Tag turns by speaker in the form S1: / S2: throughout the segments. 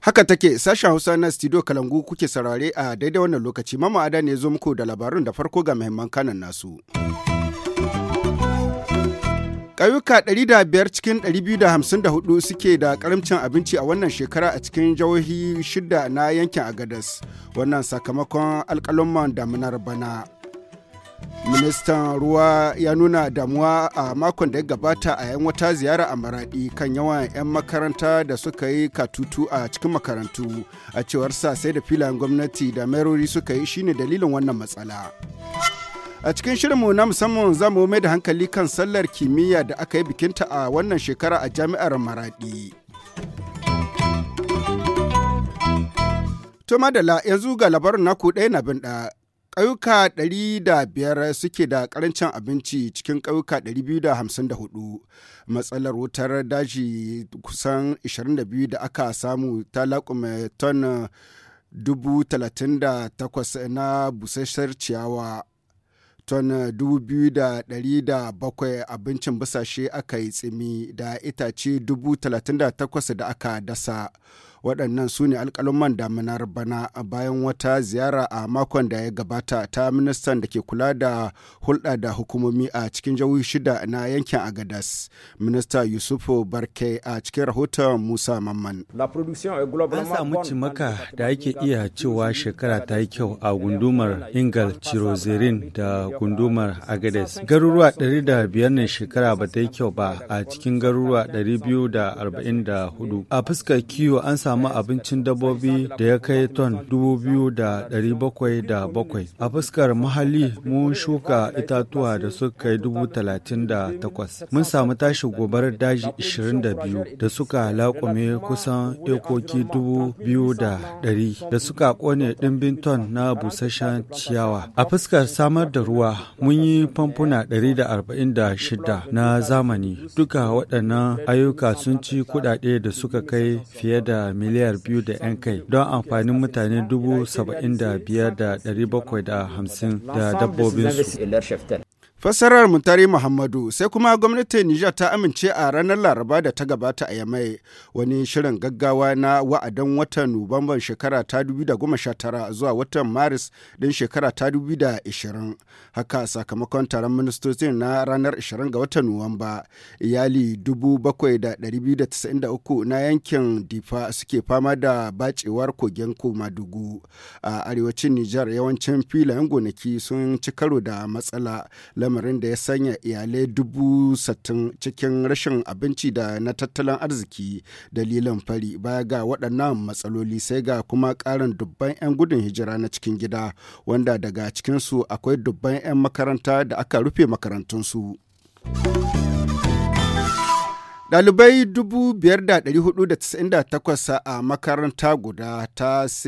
S1: Haka take sashen Hausa na studio Kalangu kuke saurare a daidai wannan lokaci. Mama Ada ne ya zo muku da labarun da farko ga muhimman kanan nasu. Ƙauyuka 500 cikin 254 suke da ƙaramcin abinci a wannan shekara a cikin jihohi shida na yankin Agadas, wannan sakamakon alƙalumman damunar bana. Ministan ruwa ya nuna damuwa a makon da ya gabata a yan wata ziyara a Maraɗi kan yawan 'yan makaranta da suka yi katutu a cikin makarantu. A cewar sa sai da filayen gwamnati da merori suka yi shine dalilin wannan matsala. A cikin shirinmu na musamman za mu mai da hankali kan sallar kimiyya da aka yi bikinta a wannan shekara a jami'ar Maradi. To madala yanzu ga labarin naku ɗaya na bin da ƙauyuka 500 suke da ƙarancin abinci cikin ƙauyuka 254 matsalar wutar daji kusan 22 da aka samu ta laƙume ton 38 na busassar ciyawa ton 2,700 eh, abincin busashe aka yi tsimi da itace 38,000 da aka dasa. waɗannan su ne alƙaluman daminar bana a bayan wata ziyara a makon da ya gabata ta ministan da ke kula da hulɗa da hukumomi a cikin jawo shida na yankin agadas minista yusufu barke a cikin rahoton musa mamman
S2: an samu cimaka da ake iya cewa shekara ta yi kyau a gundumar ingal cirozerin da gundumar agades garuruwa biyar ne shekara ba ta yi kyau ba a cikin garuruwa 244 a fuskar kiwo an samu samu abincin dabbobi da ya kai ton 2,707. A fuskar muhalli mun shuka itatuwa da suka kai 38,000. Mun samu tashi gobarar daji 22 da suka laƙume kusan ekoki 2,100 da suka ƙone ɗimbin ton na busasshen ciyawa. A fuskar samar da ruwa mun yi famfuna 146 na zamani. Duka waɗannan ayyuka sun ci kuɗaɗe da suka kai fiye da miliyar biyu da 'yan kai don amfanin mutane dubu saba'in da biyar da ɗari bakwai da hamsin da dabbobinsu.
S1: Fassarar Muntari Muhammadu sai kuma gwamnatin Nijar ta amince a ranar Laraba da ta gabata a Yamai wani shirin gaggawa na wa'adan watan Nuwamban shekara ta 2019 zuwa watan Maris din shekara ta 2020. Haka sakamakon taron ministocin na ranar 20 ga watan Nuwamba iyali 7,293 na yankin Difa suke fama da bacewar kogin Komadugu. A arewacin Nijar yawancin filayen gonaki sun ci karo da matsala lamarin da ya sanya iyalai dubu sattin cikin rashin abinci da na tattalin arziki dalilin fari baya ga waɗannan matsaloli sai ga kuma ƙarin dubban 'yan gudun hijira na cikin gida wanda daga cikinsu akwai dubban 'yan makaranta da aka rufe makarantunsu. Ɗalibai 5,498 a makaranta guda ta CAS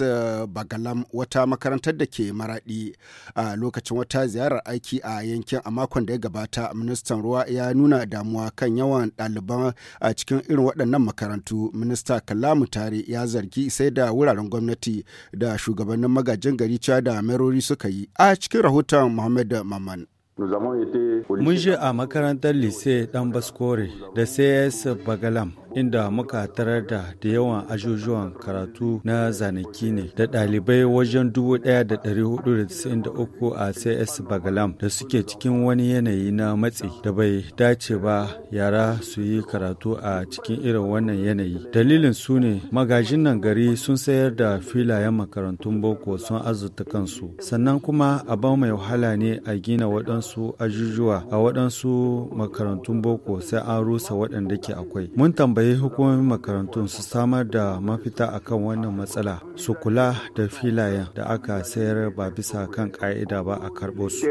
S1: eh, Bagalam wata makarantar da ke maraɗi a lokacin wata ziyarar aiki a yankin a makon da ya gabata ministan ruwa ya nuna damuwa kan yawan ɗaliban a cikin irin waɗannan makarantu. Minista Kalamu Tare ya zargi sai da wuraren gwamnati da shugabannin magajin gari da merori suka yi a cikin rahoton Muhammad Maman.
S2: Mun je a makarantar Lise Dan Baskore da CS Bagalam inda muka tarar da da yawan ajujuwan karatu na zanaki ne da ɗalibai wajen 1,493 a cs bagalam da suke cikin wani yanayi na matsi da bai dace ba yara su yi karatu a cikin irin wannan yanayi dalilin su ne magajin nan gari sun sayar da filayen makarantun boko sun azurta kansu sannan kuma abin mai wahala ne a gina waɗansu ajujuwa a waɗansu makarantun boko sai an rusa waɗanda ke akwai mun tambayi tambayi hukumomin makarantun su samar da mafita akan wannan matsala su kula da filayen da aka sayar ba bisa kan ka'ida ba a karɓo
S1: su.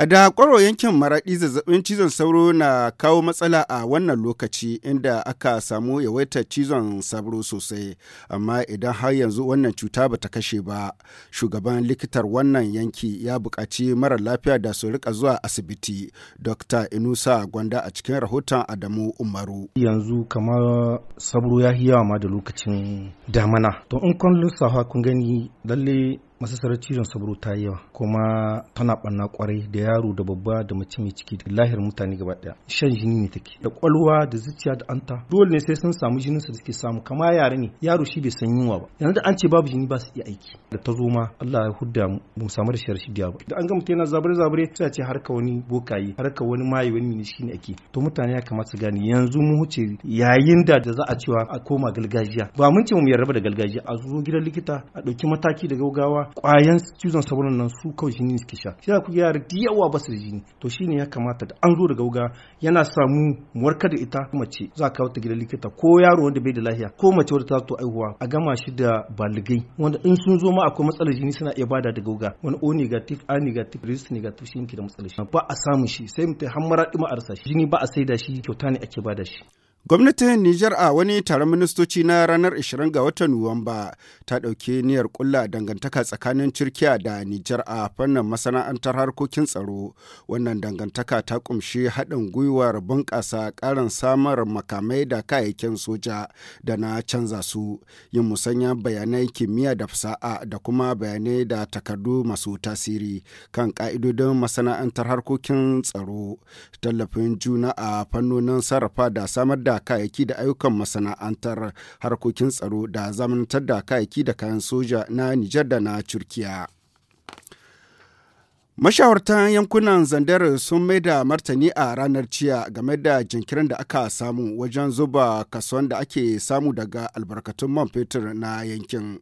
S1: A da kwaro yankin maraɗi zazzabin cizon sauro na kawo matsala a wannan lokaci inda aka samu yawaitar cizon sauro sosai, amma idan har yanzu wannan cuta bata kashe ba, shugaban likitar wannan yanki ya buƙaci mara lafiya da su rika zuwa asibiti. Dr. Inusa Gwanda a cikin rahoton Adamu Umaru.
S3: Yanzu kamar sauro ya yawa ma da lokacin damana. To in kun lissafa kun gani lalle masasarar cizon sabro ta yawa kuma tana ɓanna kwarai da yaro da babba da mace mai ciki da lahir mutane gaba daya shan jini ne take da kwalwa da zuciya da anta dole ne sai sun samu jinin su da suke samu kama yare ne yaro shi bai san yunwa ba yanzu da an ce babu jini ba su iya aiki da ta zo ma Allah ya hudda mu mu samu rashin rashin ba da an ga mutum yana zabare zabare sai a ce harka wani bokaye harka wani maye wani mini ne ake to mutane ya kamata su gane yanzu mu huce yayin da da za a cewa a koma galgajiya. ba mun ce mu yarda da gargajiya a zo gidan likita a ɗauki mataki da gaugawa kwayan cizon sauron nan su kawai jini suke sha shi ku yara diyawa yawa ba su da jini to shi ne ya kamata da an zo daga wuga yana samu warka da ita mace za ka wata gidan likita ko yaro wanda bai da lafiya ko mace wadda ta zo aihuwa a gama shi da baligai wanda in sun zo ma akwai matsalar jini suna iya bada daga wuga wani o negative a negative risk negative shi ne da matsalar shi ba a samu shi sai mutum har mara dima a rasa shi jini ba a da shi kyauta ne ake bada shi Gwamnatin Nijar a wani taron ministoci
S1: na ranar 20 ga watan Nuwamba ta ɗauki niyyar ƙulla dangantaka tsakanin Turkiya da Nijar a fannin masana'antar harkokin tsaro. Wannan dangantaka ta kumshi haɗin gwiwar bunƙasa ƙarin samar makamai da kayayyakin soja da na canza su, yin musanya bayanai kimiyya da fasa'a da kuma bayanai da takardu masu tasiri kan ƙa'idodin masana'antar harkokin tsaro, tallafin juna a fannonin sarrafa da samar da da kayayyaki da ayyukan masana'antar harkokin tsaro da zamantar da kayayyaki da kayan soja na Nijar da na Turkiya. Mashawartan yankunan Zandar sun mai da martani a ranar ciya game da jinkirin da aka samu wajen zuba kasuwan da ake samu daga albarkatun man fetur na yankin.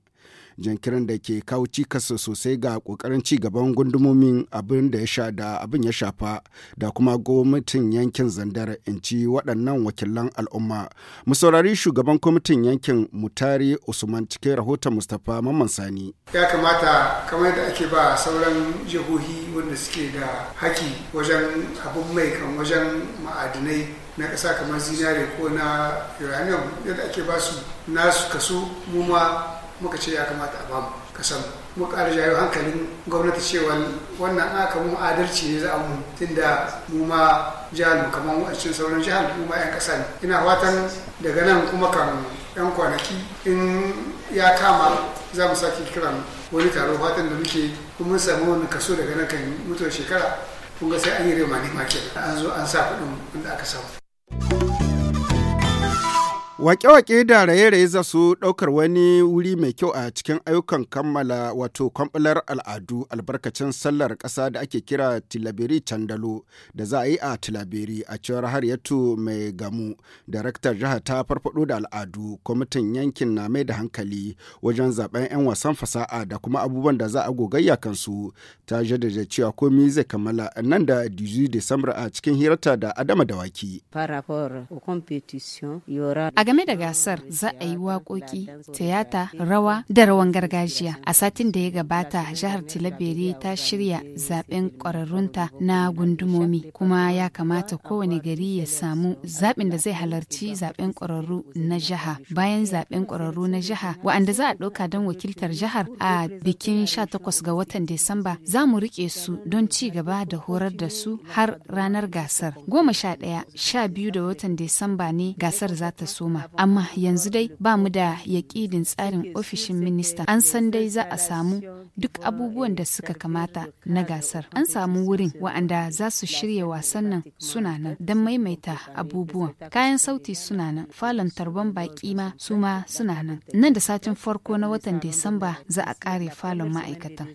S1: jinkirin da ke kawo cikas sosai ga kokarin ci gaban gundumomin abin da ya sha da abin ya shafa da kuma gwamnatin yankin zandar in ci waɗannan wakilan al'umma mu saurari shugaban kwamitin yankin mutari usman cikin rahoton mustapha mamman sani ya kamata kamar da ake ba sauran jihohi wanda suke da haki wajen abin mai kan wajen ma'adinai na ƙasa kamar zinare ko na uranium yadda ake ba su nasu kaso mu ma muka ce ya kamata a bamu kasan mu ƙara jayo hankalin gwamnati cewa wannan aka mu adalci ne za a mu tunda mu ma jihar kamar cikin sauran jihar mu ma 'yan ƙasa ne ina fatan daga nan kuma kan 'yan kwanaki in ya kama za mu sake kiran wani taro fatan da muke kuma samu wani kaso daga nan kan mutuwar shekara kun ga sai an yi rema ne ma kenan an zo an sa kuɗin wanda aka samu Wake-wake da raye-raye za su ɗaukar wani wuri mai kyau a cikin ayyukan kammala wato kwamfular al'adu albarkacin sallar ƙasa da ake kira tilabiri Candalo da za a yi a tilabiri a cewar yato mai gamu. Daraktar jiha ta farfado da al'adu, kwamitin yankin na mai da hankali wajen zaben 'yan wasan fasa'a da kuma abubuwan da za a gogayya kansu. Ta jaddada cewa komi zai kammala nan da 18 Disamba a cikin hirarta da Adama Dawaki.
S4: Par game da gasar za a yi waƙoƙi, tiyata, rawa da rawan gargajiya. A satin da ya gabata jihar Tilabere ta shirya zaben ƙwararrunta na gundumomi kuma ya kamata kowane gari ya samu zaɓin da zai halarci zaben ƙwararru na jiha. Bayan zaben ƙwararru na jiha wa'anda za a ɗauka don wakiltar jihar a bikin sha 18 ga watan Disamba za mu riƙe su don ci gaba da horar da su har ranar gasar. Goma sha ɗaya, sha biyu da watan Disamba ne gasar za ta soma. amma yanzu dai ba mu da yaƙidin tsarin ofishin minista an san dai za a samu duk abubuwan da suka kamata na gasar an samu wurin wa'anda za su shirya wasan nan suna nan don maimaita abubuwan kayan sauti suna nan falon tarban baƙi ma su ma suna nan nan da satin farko na watan Disamba za a ƙare falon ma'aikatan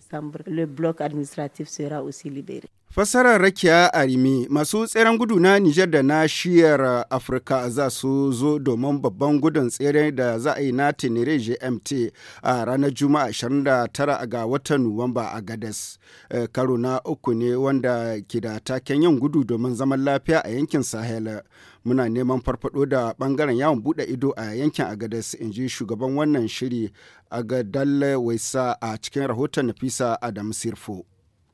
S1: Fasarar Rakiya Arimi masu tseren gudu na Nijar da na shiyar Afirka za su zo domin babban gudun tsere da za a yi na Tenere GMT a ranar Juma'a 29 ga watan Nuwamba a Gadas. Eh, karo na uku ne wanda ke da taken yin gudu domin zaman lafiya a yankin Sahel. Muna neman farfado da bangaren yawon bude ido a yankin Agadas in ji shugaban wannan shiri Agadal Waisa a cikin rahoton Nafisa Adam Sirfo.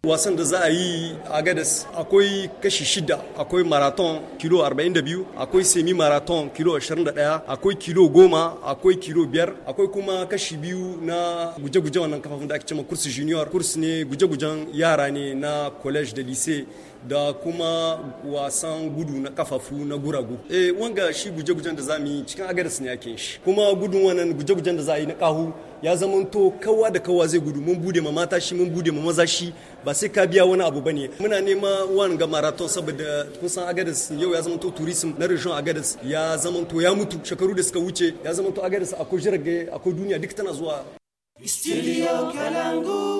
S3: wasan da za a yi a gadas akwai kashi shida akwai marathon kilo 42 akwai semi marathon kilo 21 akwai kilo goma akwai kilo biyar akwai kuma kashi biyu na guje-guje wannan kafafun da ake cewa kursi junior kursi ne guje-gujen yara ne na college da lycée da kuma wasan gudu na kafafu na guragu e wanga shi guje-gujen da za mu yi cikin agadas ne yake shi kuma gudun wannan guje-gujen da za a yi na kahu ya zama to kawa da kawa zai gudu mun bude ma mata shi mun bude ma maza shi ba sai ka biya wani abu bane muna nema wan ga marathon saboda kun san agadis yau ya zamanto tourism na region agadis ya zamanto ya mutu shekaru da suka wuce ya zamanto agadis akwai jirage akwai duniya duk tana zuwa Studio
S4: Kalangu.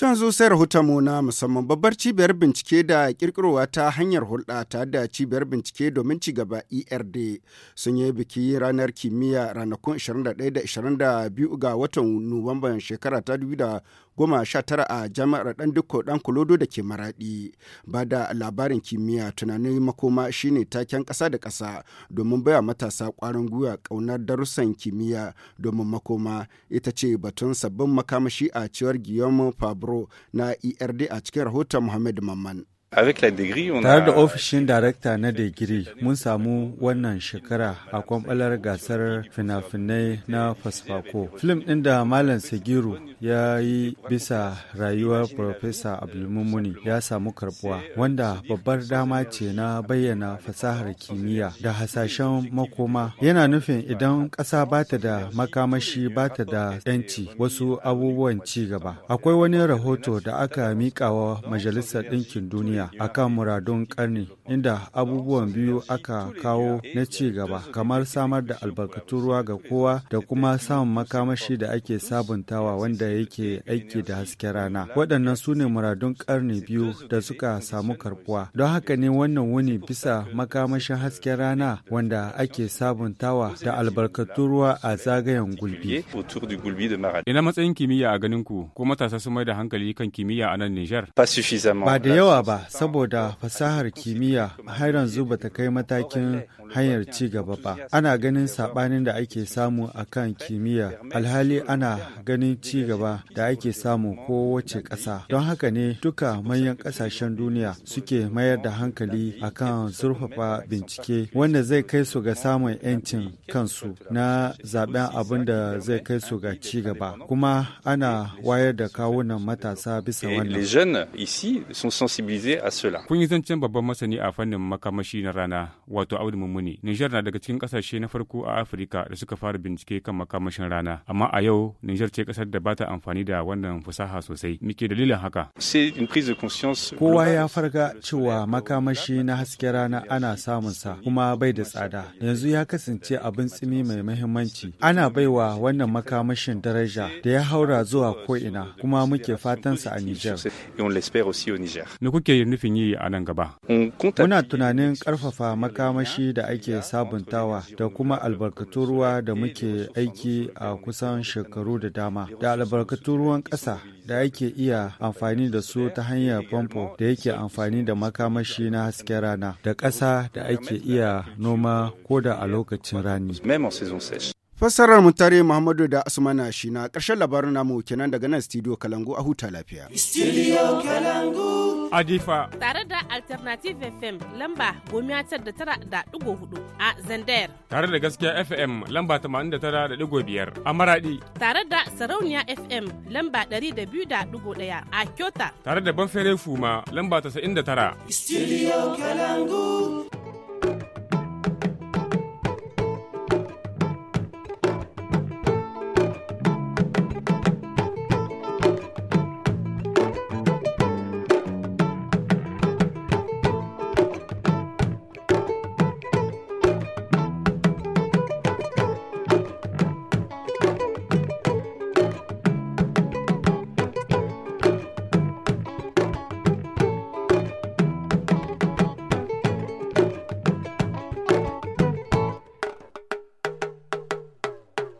S1: Tun zo sai rahotonmu na musamman babbar cibiyar bincike da kirkirowa ta hanyar hulɗa ta da cibiyar bincike domin ci gaba ERD sun yi biki ranar kimiyya ranakun 21 da 22 ga watan Nuwamban shekara ta goma sha tara a jami'ar ɗan dukko dan kulodo da ke maraɗi. Ba da labarin kimiyya tunanin makoma shine taken ƙasa da ƙasa domin baya matasa ƙwarin gwiwa ƙaunar darussan kimiyya domin makoma ita ce batun sabbin makamashi a cewar Guillaume Fabro na ERD a cikin rahoton Muhammad Mamman.
S3: Tare da
S2: ofishin darakta na digiri mun samu wannan shekara a kwamfalar gasar fina-finai na Fasfako. Film ɗin da Malam Sagiru ya yi bisa rayuwar Profesa Abdulmumuni ya samu karbuwa, wanda babbar dama ce na bayyana fasahar kimiyya da hasashen makoma. Yana nufin idan ƙasa ba ta da makamashi ba ta da 'yanci wasu abubuwan ci gaba. Akwai wani rahoto da aka miƙawa Majalisar Ɗinkin Duniya duniya kan muradun karni inda abubuwan biyu aka kawo na ci gaba kamar samar da albarkatun ruwa ga kowa da kuma samun makamashi da ake sabuntawa wanda yake aiki da hasken rana waɗannan su ne muradun karni biyu da suka samu karbuwa don haka ne wannan wuni bisa makamashin hasken rana wanda ake sabuntawa da albarkatun ruwa a zagayen
S3: gulbi ina matsayin kimiyya a ganin ku ko matasa sun mai da hankali kan kimiyya a nan Nijar? Ba da yawa
S2: ba saboda fasahar kimiyya har yanzu ba ta kai matakin hanyar ci gaba ba. Ana ganin sabanin da ake samu a kan kimiyya, alhali ana ganin ci gaba da ake samu ko wace ƙasa. Don haka ne duka manyan ƙasashen duniya suke mayar da hankali a kan zurfafa bincike wanda zai kai su ga samun 'yancin kansu na zaben abin da zai kai su ga ci gaba. Kuma ana wayar da kawunan matasa bisa
S3: wannan. à Kun yi zancen babban masani a fannin makamashi
S1: na rana wato Audu Mummuni. Nijar na daga cikin kasashe na farko a Afirka da suka fara bincike kan makamashin rana. Amma a yau Nijar ce kasar da ba ta amfani da wannan fasaha sosai. Muke dalilin
S3: haka. Kowa ya
S2: farga cewa makamashi na hasken rana ana samun sa kuma bai da tsada. Yanzu ya kasance abin tsimi mai mahimmanci. Ana baiwa wannan makamashin daraja da ya haura zuwa ko'ina kuma muke fatansa a Nijar. Me kuke
S3: nufin yi a nan gaba?
S2: Mm, Muna tunanin ƙarfafa makamashi da ake sabuntawa da kuma albarkatun ruwa da muke aiki a kusan shekaru da dama, da albarkatun ruwan ƙasa da ake iya amfani da su ta hanyar famfo da yake amfani da makamashi na hasken rana, da ƙasa da ake iya noma ko da a lokacin rani. Fassarar Mutare
S1: Muhammadu da Asmana shi na ƙarshen labarin namu kenan daga nan studio Kalangu a huta lafiya.
S4: Studio Kalangu. Adifa. Tare da Alternative FM lamba goma tar da tara da ɗigo hudu a zander.
S1: Tare da gaskiya FM lamba tamanin da tara da ɗigo biyar a Maradi.
S4: Tare da Sarauniya FM lamba ɗari da biyu da ɗigo ɗaya a Kyota.
S1: Tare da Banfere Fuma lamba tasa'in da tara.
S4: Studio Kalangu.